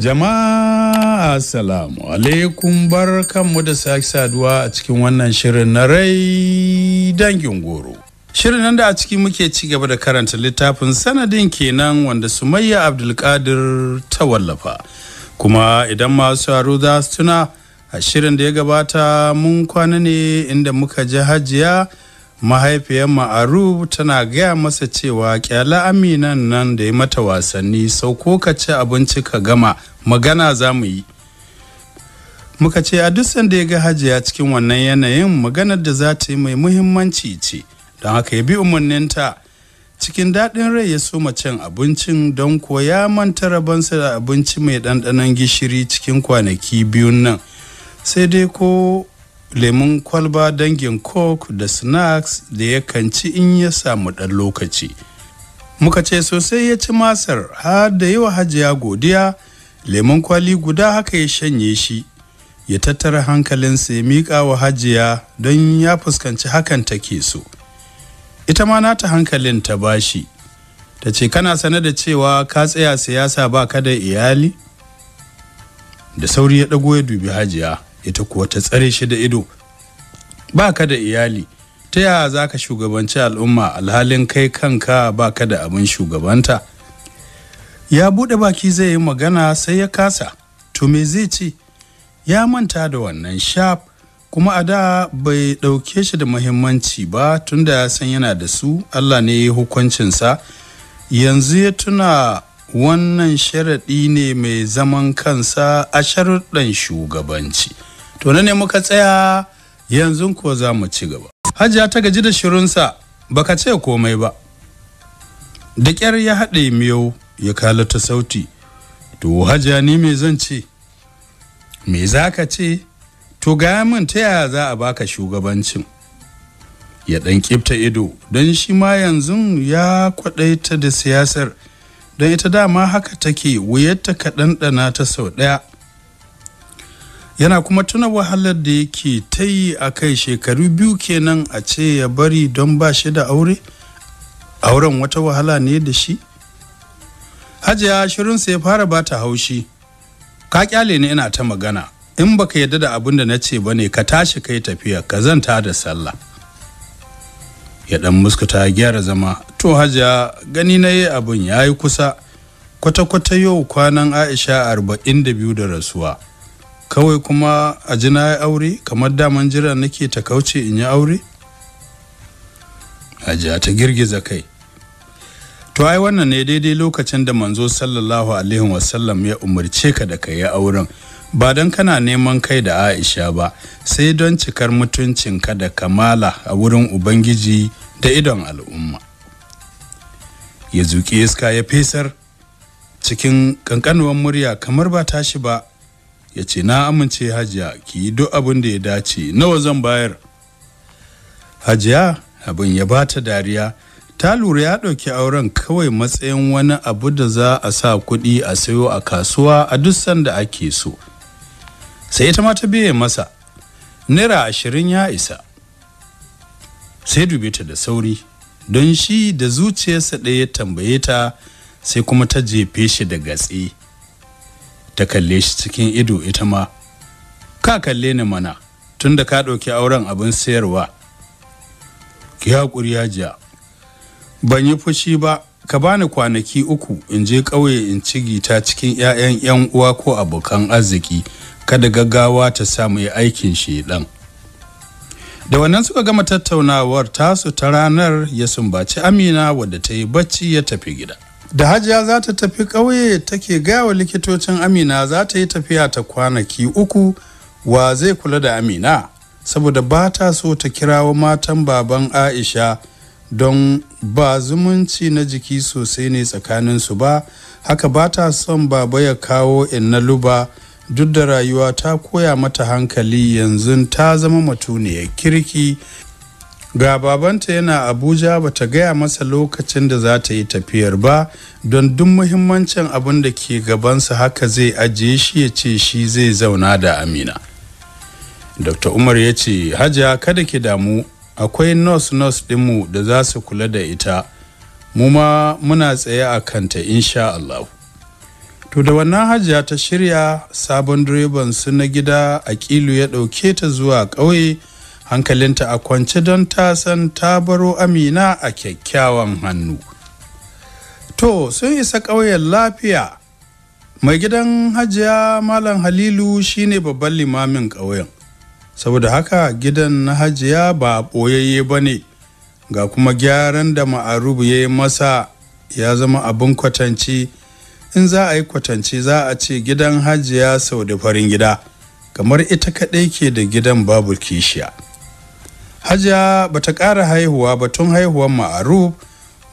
Jama'a Assalamu alaikum bar kanmu da sake saduwa a cikin wannan shirin na rai dangin goro. Shirin nan da a ciki muke ci gaba da karanta littafin sanadin kenan wanda Sumayya Abdulkadir ta wallafa. Kuma idan masu haru za su tuna a shirin da ya gabata mun kwana ne inda muka ji hajiya mahaifiyar ma'aru tana gaya masa cewa kyala aminan nan da ya mata wasanni sauko ka ci abinci ka gama magana za mu yi muka ce a duk sanda ya ga hajiya cikin wannan yanayin maganar da za ta yi mai muhimmanci ce don haka ya bi umarninta cikin daɗin rai ya soma cin abincin don kuwa ya manta rabansa da abinci mai ɗanɗanon gishiri cikin kwanaki biyun nan sai dai ko lemun kwalba dangin coke da snacks da yakan ci in ya samu ɗan lokaci muka ce sosai ya ci masar har da yawa hajiya godiya lemun kwali guda haka ya shanye shi ya tattara hankalinsa ya mika wa hajiya don ya fuskanci hakan take so ita ma nata hankalin ta bashi ta ce kana sane da cewa ka tsaya siyasa ba ka da iyali da sauri ya ɗago ya dubi hajiya ita kuwa ta tsare shi da ido ba ka da iyali ta yaya za ka shugabanci al'umma alhalin kai kanka ba ka da abin shugabanta ya buɗe baki zai yi magana sai ya kasa to me zai ce ya manta da wannan shaf kuma a da bai ɗauke shi da muhimmanci ba tunda ya san yana da su allah ne ya hukuncinsa yanzu ya tuna wannan sharaɗi ne mai zaman kansa a sharuɗan shugabanci. to ne muka tsaya yanzu ko za mu ci gaba hajiya ta gaji da shirinsa baka ce komai ba da kyar ya haɗe miyau ya kala ta sauti to hajiya ni me zan ce me za ka ce to ga min ta yaya za a baka shugabancin ya ɗan ƙifta ido don shi ma yanzu ya kwaɗaita da siyasar don ita dama haka take wuyarta ka ɗanɗana ta sau ɗaya yana kuma tuna wahalar da yake ta yi a kai shekaru biyu kenan a ce ya bari don ba shi da aure auren wata wahala ne da shi hajiya shirinsa ya fara bata haushi ka kyale ne ina ta magana in baka yarda da abin da na ce ba ne ka tashi kai tafiya ka zanta da sallah ya dan muskuta gyara zama to hajiya gani na yi abin ya yi kusa kwata-kwata yau kwanan aisha arba'in da biyu da rasuwa kawai kuma a ji na aure kamar daman jira nake ta kauce in yi aure hajiya ta girgiza kai to ai wannan ne daidai lokacin da manzo sallallahu alaihi wasallam ya umarce ka da ka yi auren ba don kana neman kai da aisha ba sai don cikar mutuncinka da kamala a wurin ubangiji da idon al'umma ya zuƙi iska ya fesar cikin ƙanƙanuwar murya kamar ba tashi ba ya ce na amince hajiya ki yi duk abin da ya dace nawa zan bayar hajiya abin ya ba ta dariya ta lura ya ɗauki auren kawai matsayin wani abu da za a sa kuɗi a sayo a kasuwa a duk sanda ake so sai ita ma ta biye masa naira ashirin ya isa sai dube ta da sauri don shi da zuciyarsa ɗaya tambaye ta sai kuma ta jefe shi da gatse ta kalle shi cikin ido ita ma ka kalle ni mana tunda ka ɗauki auren abin sayarwa ki haƙuri hajiya ban yi fushi ba ka bani kwanaki uku in je ƙauye in ci gita cikin 'ya'yan 'yan uwa ko abokan arziki kada gaggawa ta samu yi aikin shi ɗan da wannan suka gama tattaunawar tasu ta ranar ya sumbaci amina wadda ta yi bacci ya tafi gida da hajiya za ta tafi ƙauye take gawa likitocin amina za ta yi tafiya ta kwanaki uku wa zai kula da amina saboda ba ta so ta kirawo matan baban aisha don ba zumunci na jiki sosai ne tsakaninsu ba haka ba ta son baba ya kawo inna luba duk da rayuwa ta koya mata hankali yanzu ta zama mutuniyar kirki ga babanta yana abuja bata gaya masa lokacin da za ta yi tafiyar ba don duk muhimmancin abin da ke gabansa haka zai ajiye shi ya ce shi zai zauna da amina dr umar ya ce hajiya kada ki damu akwai nurse nurse dinmu da za su kula da ita mu ma muna tsaye a kanta insha Allah to da wannan hajiya ta shirya sabon direban su na gida a ƙilu ya ɗauke ta zuwa ƙauye hankalinta a kwance don ta san ta baro amina a kyakkyawan hannu to sun isa ƙauyen lafiya mai gidan hajiya malam halilu shine babban limamin ƙauyen saboda haka gidan na hajiya ba ɓoyayye ba ne ga kuma gyaran da ma'arubu ya yi masa ya zama abin kwatanci in za a yi kwatanci za a ce gidan hajiya sau da farin gida kamar ita kaɗai ke da gidan babu kishiya hajiya ba ta ƙara haihuwa ba tun haihuwar ma'aruf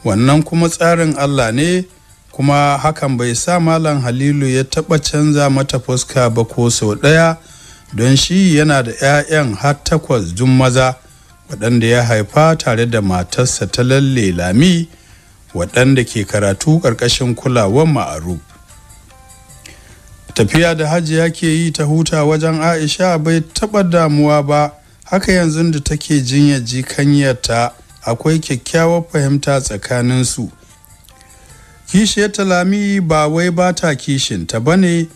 wannan kuma tsarin allah ne kuma hakan bai sa malam halilu ya taɓa canza mata fuska ba ko sau ɗaya don shi yana da 'ya'yan har takwas jun maza waɗanda ya haifa tare da matarsa ta lalle lami waɗanda ke karatu ƙarƙashin kulawar ma'aruf tafiya da hajiya ke yi ta huta wajen aisha bai taɓa damuwa ba haka yanzu da take jinya jikanyarta akwai kyakkyawar fahimta tsakanin tsakaninsu kishiyarta talami ba wai ba ta kishinta ba ne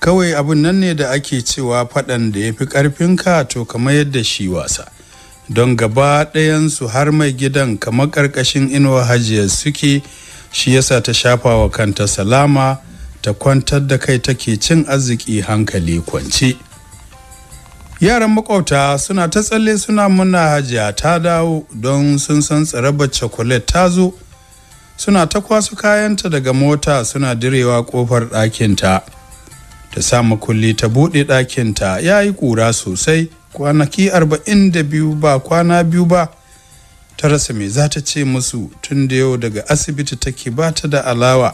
kawai abin nan ne da ake cewa faɗan da ya fi ƙarfinka to kamar yadda shi wasa don gaba su har mai gidan kama ƙarƙashin inuwa hajiyar suke shi yasa ta shafa wa kanta salama ta kwantar da kai take cin arziki hankali kwance yaran makwauta suna ta tsalle suna muna hajiya ta dawo don sun san tsarabar chocolate ta zo suna ta kwasu kayanta daga mota suna direwa kofar ɗakinta ta sa makulli ta buɗe ɗakinta ya yi ƙura sosai kwanaki biyu ba kwana biyu ba ta rasa me za ta ce musu tun da yau daga asibiti take ba ta da alawa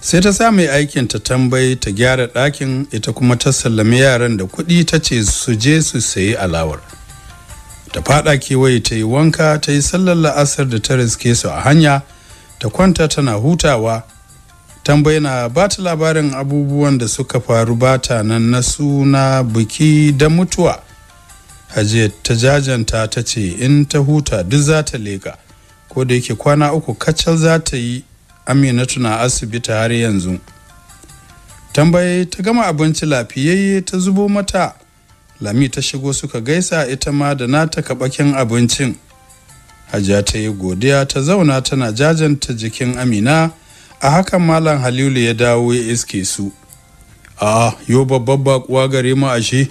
sai ta sa mai aikin ta tambayi ta gyara ɗakin ita kuma ta sallami yaran da kuɗi ta ce su je su sayi alawar ta faɗa kewaye ta yi wanka ta yi sallar la'asar da ta riske su a hanya ta kwanta tana hutawa tambayi na ba ta labarin abubuwan da suka faru ba ta nan na suna biki da mutuwa hajiya ta jajanta ta ce in ta huta duk za ta leƙa ko da yake kwana uku kacal za ta yi amina tuna asibiti har yanzu tambaye ta gama abinci lafiyayye ta zubo mata lami ta shigo suka gaisa ita ma da nata kabakin abincin hajiya ta yi godiya ta zauna tana jajanta jikin amina a hakan malam halilu ya dawo ya iske su a yo babban bakuwa gare mu ashe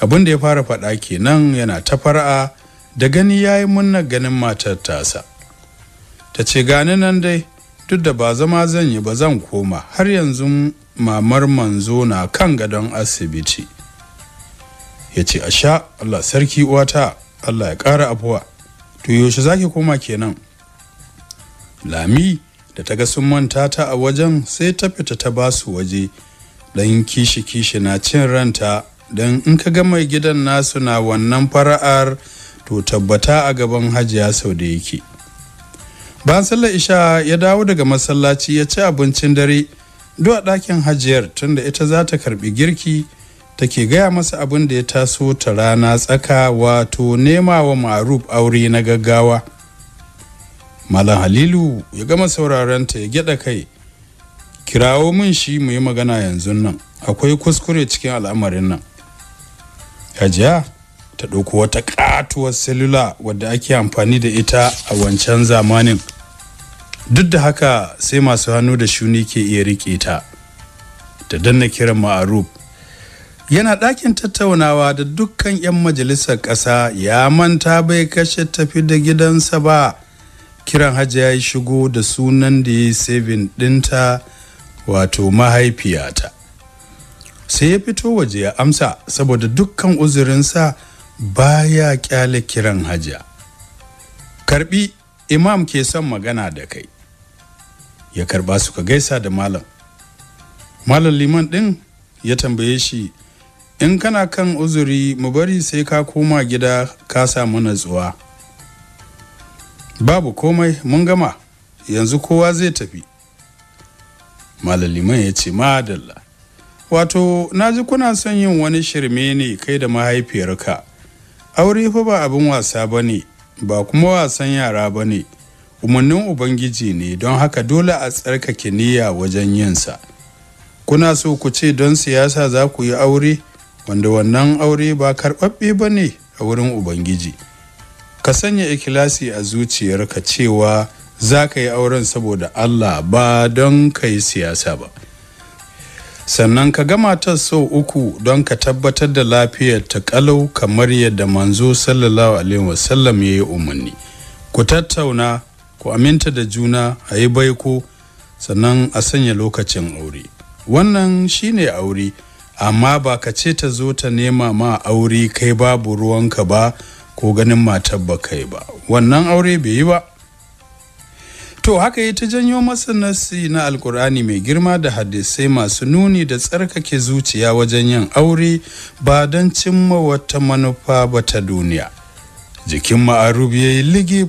abin da ya fara faɗa kenan yana ta fara'a da gani ya yi munna ganin matar tasa ta ce gani nan dai duk da ba zama zan yi ba zan koma har yanzu mamar manzo na kan gadon asibiti ya ce a sha allah sarki uwata allah ya ƙara afuwa to yaushe zaki koma kenan lami da ta ga sun manta ta a wajen sai ta fita ta ba su waje dan kishi kishi na cin ranta don in ka ga mai gidan nasu na wannan fara'ar to tabbata a gaban hajiya sau da yake bayan sallar isha ya dawo daga masallaci ya ci abincin dare a ɗakin hajiyar tunda ita za ta karbi girki ke gaya masa abin da ya taso ta rana tsaka wato nema wa maaruf aure na gaggawa malam halilu ya gama sauraron ta ya gyaɗa kai kirawo min shi mu yi magana yanzu nan akwai kuskure cikin al'amarin nan hajiya ta ɗauko wata ƙatuwar selula wadda ake amfani da ita a wancan zamanin duk da haka sai masu hannu da shuni ke iya riƙe ta da danna kiran ma'aruf yana ɗakin tattaunawa da dukkan 'yan majalisar ƙasa ya manta bai kashe tafi da gidansa ba kiran hajji ya yi shigo da sunan da ya yi ɗinta wato mahaifiyata sai ya fito waje ya amsa saboda dukkan uzurinsa baya kyale kiran hajja karbi imam ke son magana da kai ya karba ka gaisa da malam malam liman din ya tambaye shi in kana kan uzuri mu bari sai ka koma gida ka samu natsuwa babu komai mun gama yanzu kowa zai tafi malam liman ya ce madalla wato na ji kuna son yin wani shirme ne kai da mahaifiyarka aure fa ba abin wasa ba ne ba kuma wasan yara ba ne umarnin ubangiji ne don haka dole a tsarkake niyya wajen yinsa kuna so ku ce don siyasa za ku yi aure wanda wannan aure ba karɓaɓɓe ba ne a wurin ubangiji ka sanya ikilasi a zuciyarka cewa za ka yi auren saboda allah ba don ka yi siyasa ba sannan ka ga matar sau uku don ka tabbatar da lafiyar ta kalau kamar yadda manzo sallallahu alaihi wasallam ya yi umarni ku tattauna ku aminta da juna a yi baiko sannan a sanya lokacin aure wannan shine aure amma ba ka ce ta zo ta nema ma aure kai babu ruwanka ba ko ganin matar ba kai ba wannan aure bai yi ba to haka yi ta janyo masa nasi na alkur'ani mai girma da hadisai masu nuni da tsarkake zuciya wajen yin aure ba don cimma wata manufa ba ta duniya jikin ma'arubi ya yi ligi.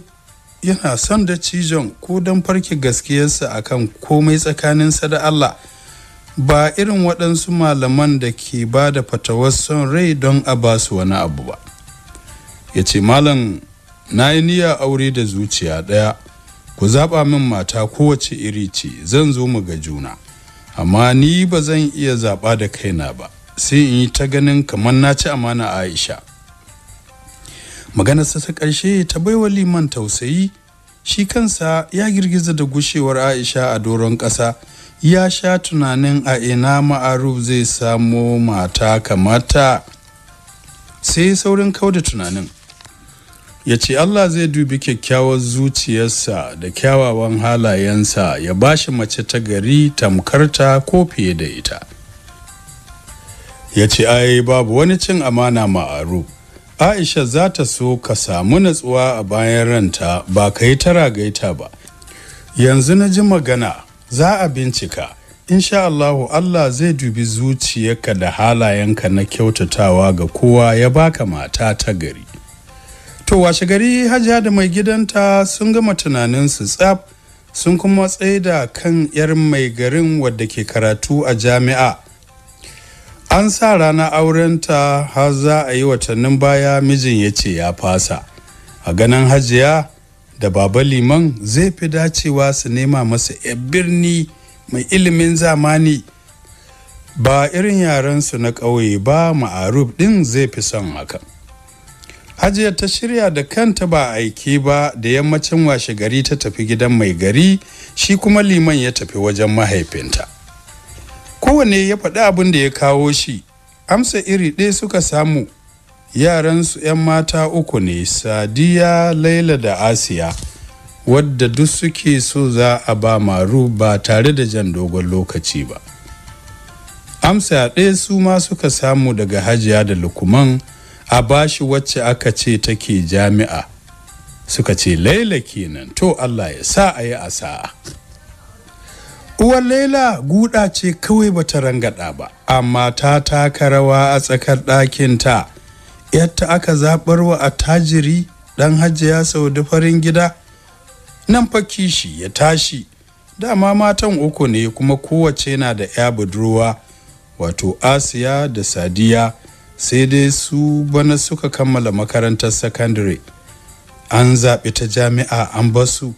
yana son da cijon ko don farke gaskiyarsa a kan komai tsakaninsa da Allah ba irin waɗansu malaman da ke ba da fatawar son rai don a ba su wani abu ba ya ce malam na yi niyya aure da zuciya ɗaya ku zaɓa min mata kowace iri ce zan zo mu ga juna amma ni ba zan iya zaɓa da kaina ba sai in yi ta ganin kamar na ci amana aisha maganarsa ta ƙarshe ta baiwa liman tausayi shi kansa ya girgiza da gushewar aisha a doron ƙasa ya sha tunanin a ina ma'aruf zai samo mata kamata sai saurin kauda tunanin ya ce allah zai dubi kyakkyawar zuciyarsa da kyawawan halayensa ya bashi mace ta gari tamkarta ko fiye da ita ya ce ai babu wani cin amana ma'aruf aisha za ta so ka samu natsuwa a bayan ranta ba ka yi tara gaita ba yanzu na ji magana za a bincika insha Allahu Allah zai dubi zuciyarka da halayenka na kyautatawa ga kowa ya baka mata ta gari to washe gari hajiya da mai gidanta sun gama tunanin su tsaf sun kuma tsaida kan 'yar mai garin wadda ke karatu a jami'a an sa rana aurenta har za a yi watannin baya mijin ya ce ya fasa a ganin hajiya da baba liman zai fi dacewa su nema masa 'yan birni mai ilimin zamani ba irin yarensu na ƙauye ba ma'aruf ɗin zai fi son hakan hajiya ta shirya da kanta ba aiki ba da yammacin washe gari ta tafi gidan mai gari shi kuma liman ya tafi wajen mahaifinta kowane ya faɗi abin da ya kawo shi amsa iri ɗaya suka samu yaransu 'yan mata uku ne sadiya laila da asiya wadda duk suke so za a ba maru ba tare da jan dogon lokaci ba amsa ɗaya su ma suka samu daga hajiya da lukuman a bashi wacce aka ce take jami'a suka ce laila kenan to allah ya sa a yi a Uwar Laila guda ce kawai bata rangada ba, amma ta taka rawa a tsakar ɗakinta. Yadda aka zaɓar wa attajiri ɗan hajiya sau da farin gida, nan fa kishi ya tashi. Dama matan uku ne kuma kowace na da ya budurwa, wato Asiya da Sadiya, sai dai su bana suka kammala makarantar sakandare. An zaɓi ta jami'a an basu,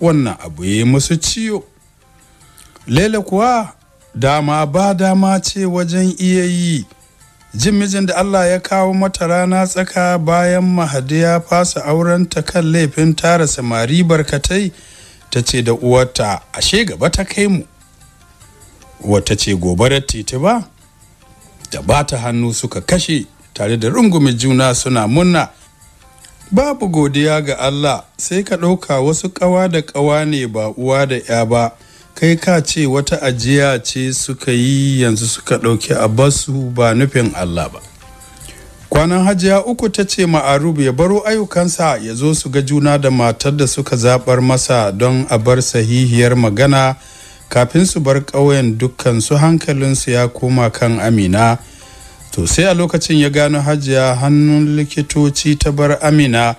wannan abu ya yi musu ciwo. Lele kuwa dama ba dama ce wajen iya yi. Jin mijin da Allah ya kawo mata rana tsaka bayan Mahadi ya fasa aurenta kan laifin tara samari barkatai ta ce da uwarta ashe gaba ta kai mu. Wata ce gobarar titi ba? Da bata hannu suka kashe tare da rungumi juna suna munna. Babu godiya ga Allah sai ka ɗauka wasu ƙawa da ƙawa ne ba uwa da 'ya ba. kai ka ce wata ajiya ce suka yi yanzu suka ɗauki a basu ba nufin Allah ba kwanan hajiya uku ta ce ma'arub ya baro ayyukansa ya zo su ga juna da matar da suka zaɓar masa don a bar sahihiyar magana kafin su bar ƙauyen dukkan su hankalinsu ya koma kan amina to sai a lokacin ya gano hajiya hannun likitoci ta bar amina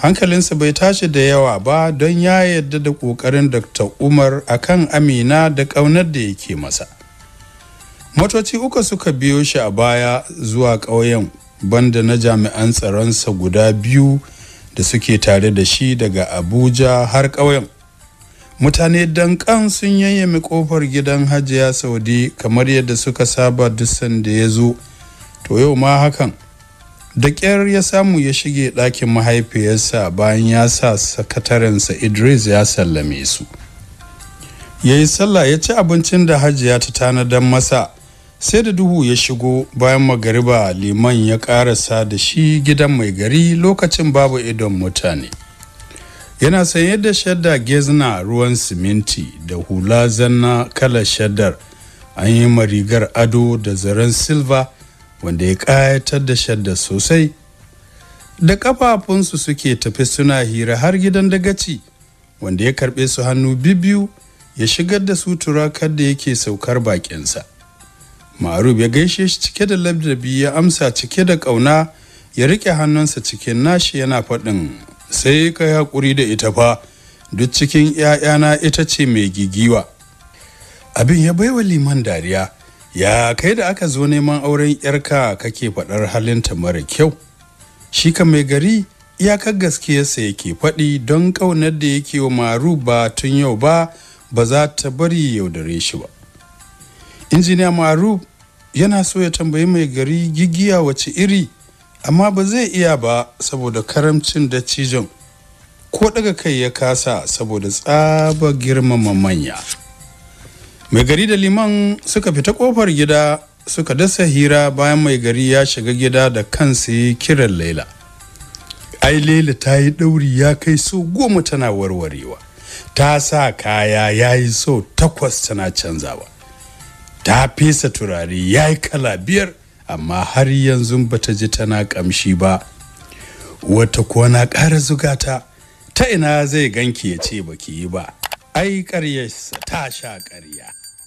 hankalinsa bai tashi da yawa ba don ya yadda da ƙoƙarin dr umar akan amina da ƙaunar da yake masa motoci uku suka biyo shi a baya zuwa ƙauyen banda na jami'an tsaronsa guda biyu da suke tare da shi daga abuja har ƙauyen mutane dankan sun yayyame kofar gidan hajiya saudi kamar yadda suka saba duk sanda ya zo to yau ma hakan da ƙyar ya samu ya shige ɗakin mahaifiyarsa bayan ya sa sakatarensa idris ya sallame su ya yi sallah ya ci abincin da hajiya ta tanadan masa sai da duhu ya shigo bayan magariba liman ya ƙarasa da shi gidan mai gari lokacin babu idon mutane yana sanye da shadda gezna ruwan siminti da hula zanna kala shaddar an yi marigar ado da zaren silva wanda ya ƙayatar da shadda sosai da ƙafafunsu suke tafi suna hira har gidan dagaci wanda ya karɓe su hannu bibiyu ya shigar da su turakar da yake saukar bakinsa marub ya gaishe shi cike da labdabi ya amsa cike da ƙauna ya riƙe hannunsa cikin nashi yana faɗin sai ka haƙuri da ita fa duk cikin ‘ya'yana ita ce mai gigiwa abin ya baiwa liman dariya ya kai da aka zo neman auren yarka kake faɗar halinta mara kyau shi ka mai gari iyakar gaskiyarsa yake faɗi don ƙaunar da yake wa maru ba tun yau ba ba za ta bari yaudare shi ba injiniya maru yana so ya tambayi mai gari gigiya wace iri amma ba zai iya ba saboda karamcin da cijon ko daga kai ya kasa saboda tsaba girmama manya mai gari da liman suka fita kofar gida suka dasa hira bayan mai gari ya shiga gida da kansa ya kiran laila ai laila ta yi ɗauri ya kai so goma tana warwarewa ta sa kaya ya yi so takwas tana canzawa ta fesa turare ya yi kala biyar amma har yanzu ba ta ji tana kamshi ba wata kuwa na ƙara zugata ta ina zai ganki ya ce baki yi ba ai ƙarya ta sha ƙarya